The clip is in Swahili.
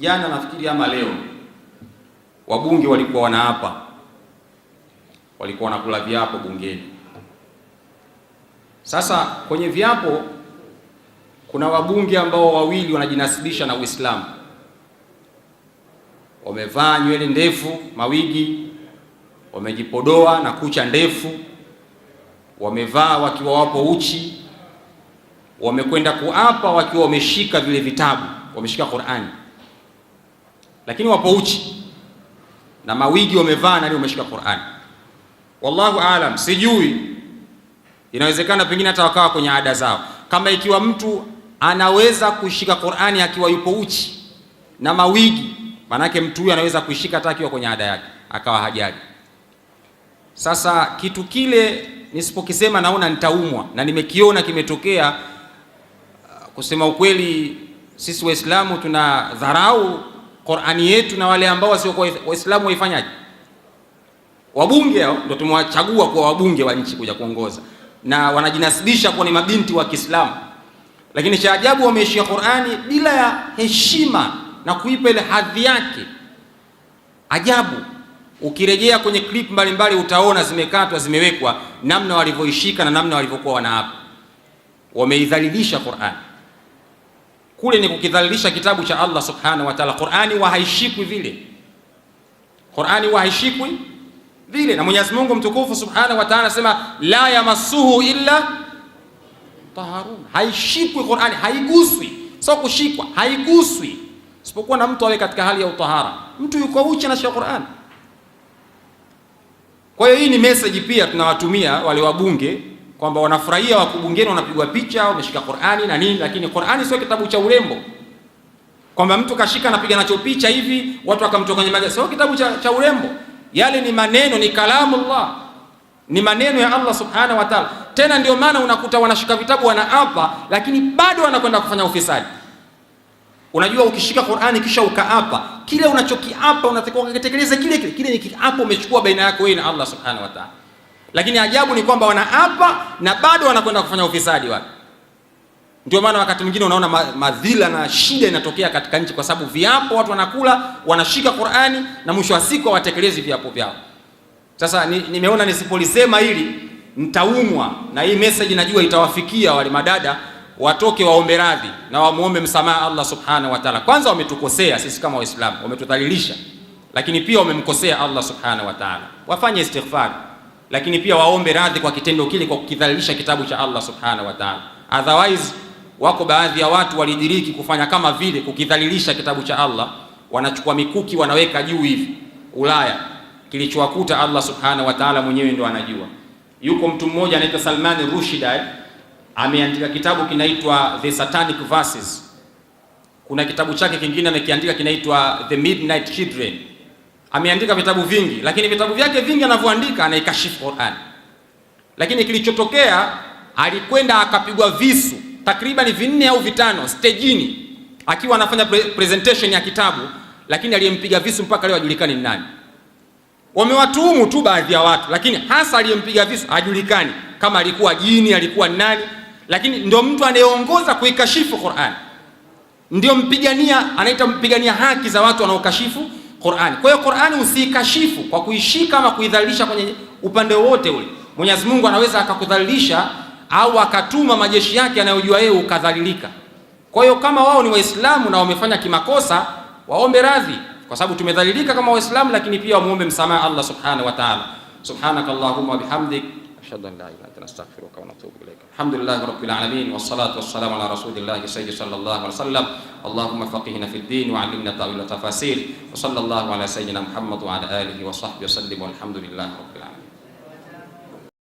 Jana nafikiri ama leo, wabunge walikuwa wanaapa, walikuwa wanakula viapo bungeni. Sasa kwenye viapo kuna wabunge ambao wawili wanajinasibisha na Uislamu, wamevaa nywele ndefu, mawigi, wamejipodoa na kucha ndefu, wamevaa wakiwa wapo uchi, wamekwenda kuapa wakiwa wameshika vile vitabu, wameshika Qur'ani lakini wapo uchi na mawigi wamevaa, nani wameshika Qur'an? Wallahu aalam, sijui, inawezekana pengine hata wakawa kwenye ada zao. Kama ikiwa mtu anaweza kushika Qur'ani akiwa yupo uchi na mawigi, manake mtu huyo anaweza kuishika hata akiwa kwenye ada yake, akawa hajali. Sasa kitu kile nisipokisema naona nitaumwa, na nimekiona kimetokea. Kusema ukweli, sisi Waislamu tuna dharau Qur'ani yetu na wale ambao wasiokuwa Waislamu waifanyaje? Wabunge hao ndio tumewachagua kwa wabunge wa nchi kuja kuongoza, na wanajinasibisha kuwa ni mabinti wa Kiislamu, lakini cha ajabu wameishia Qur'ani bila ya heshima na kuipa ile hadhi yake. Ajabu, ukirejea kwenye clip mbalimbali utaona zimekatwa, zimewekwa namna walivyoishika na namna walivyokuwa wanaapa, wameidhalilisha Qur'ani kule ni kukidhalilisha kitabu cha Allah subhanahu wa ta'ala. Qur'ani wa haishikwi vile, Qur'ani wa haishikwi vile, na Mwenyezi Mungu mtukufu subhanahu wa ta'ala anasema la yamassuhu illa taharun, haishikwi Qur'ani, haiguswi. Sio kushikwa, haiguswi isipokuwa na mtu awe katika hali ya utahara. Mtu yuko uchi na Qur'ani. Kwa hiyo hii ni message pia tunawatumia wale wabunge kwamba wanafurahia wako bungeni, wanapigwa picha, wameshika Qur'ani na nini, lakini Qur'ani sio kitabu cha urembo, kwamba mtu kashika anapiga nacho picha hivi watu wakamtoka kwenye magazeti. Sio kitabu cha, cha urembo. Yale ni maneno, ni kalamu Allah, ni maneno ya Allah subhanahu wa ta'ala. Tena ndio maana unakuta wanashika vitabu wanaapa, lakini bado wanakwenda kufanya ufisadi. Unajua, ukishika Qur'ani kisha ukaapa, kile unachokiapa unatakiwa kutekeleza kile kile. Kile ni kiapo umechukua baina yako wewe na Allah subhanahu wa ta'ala. Lakini ajabu ni kwamba wanaapa na bado wanakwenda kufanya ufisadi watu. Ndio maana wakati mwingine unaona madhila na shida inatokea katika nchi, kwa sababu viapo watu wanakula, wanashika Qur'ani na mwisho wa siku hawatekelezi viapo vyao. Sasa nimeona ni nisipolisema hili nitaumwa, na hii message najua itawafikia wale madada, watoke waombe radhi na wamuombe msamaha Allah subhanahu wa ta'ala. Kwanza wametukosea sisi kama Waislamu, wametudhalilisha, lakini pia wamemkosea Allah subhanahu wa ta'ala, wafanye istighfar lakini pia waombe radhi kwa kitendo kile, kwa kukidhalilisha kitabu cha Allah subhanahu wa ta'ala. Otherwise wako baadhi ya watu walidiriki kufanya kama vile kukidhalilisha kitabu cha Allah, wanachukua mikuki wanaweka juu hivi. Ulaya kilichowakuta Allah subhanahu wa ta'ala mwenyewe ndo anajua. Yuko mtu mmoja anaitwa Salman Rushdie ameandika kitabu kinaitwa The Satanic Verses. Kuna kitabu chake kingine amekiandika kinaitwa The Midnight Children ameandika vitabu vingi, lakini vitabu vyake vingi anavyoandika anaikashifu Qur'an. Lakini kilichotokea alikwenda akapigwa visu takriban vinne au vitano stejini, akiwa anafanya pre presentation ya kitabu, lakini aliyempiga visu mpaka leo hajulikani ni nani. Wamewatuhumu tu baadhi ya watu, lakini hasa aliyempiga visu hajulikani kama alikuwa jini, alikuwa nani, lakini ndio mtu anayeongoza kuikashifu Qur'an, ndio mpigania, anaita mpigania haki za watu wanaokashifu Qur'ani. Kwa hiyo Qur'ani usiikashifu kwa kuishika ama kuidhalilisha kwenye upande wowote ule. Mwenyezi Mungu anaweza akakudhalilisha au akatuma majeshi yake anayojua yeye ukadhalilika. Kwa hiyo kama wao ni Waislamu na wamefanya kimakosa, waombe radhi kwa sababu tumedhalilika kama Waislamu, lakini pia wamuombe msamaha Allah subhanahu wa ta'ala. Subhanakallahumma wa bihamdik أشهد أن لا إله إلا أنت نستغفرك ونتوب إليك الحمد لله رب العالمين والصلاة والسلام على رسول الله سيد صلى الله عليه وسلم اللهم فقهنا في الدين وعلمنا تأويل التفاسير وصلى الله على سيدنا محمد وعلى آله وصحبه وسلم والحمد لله رب العالمين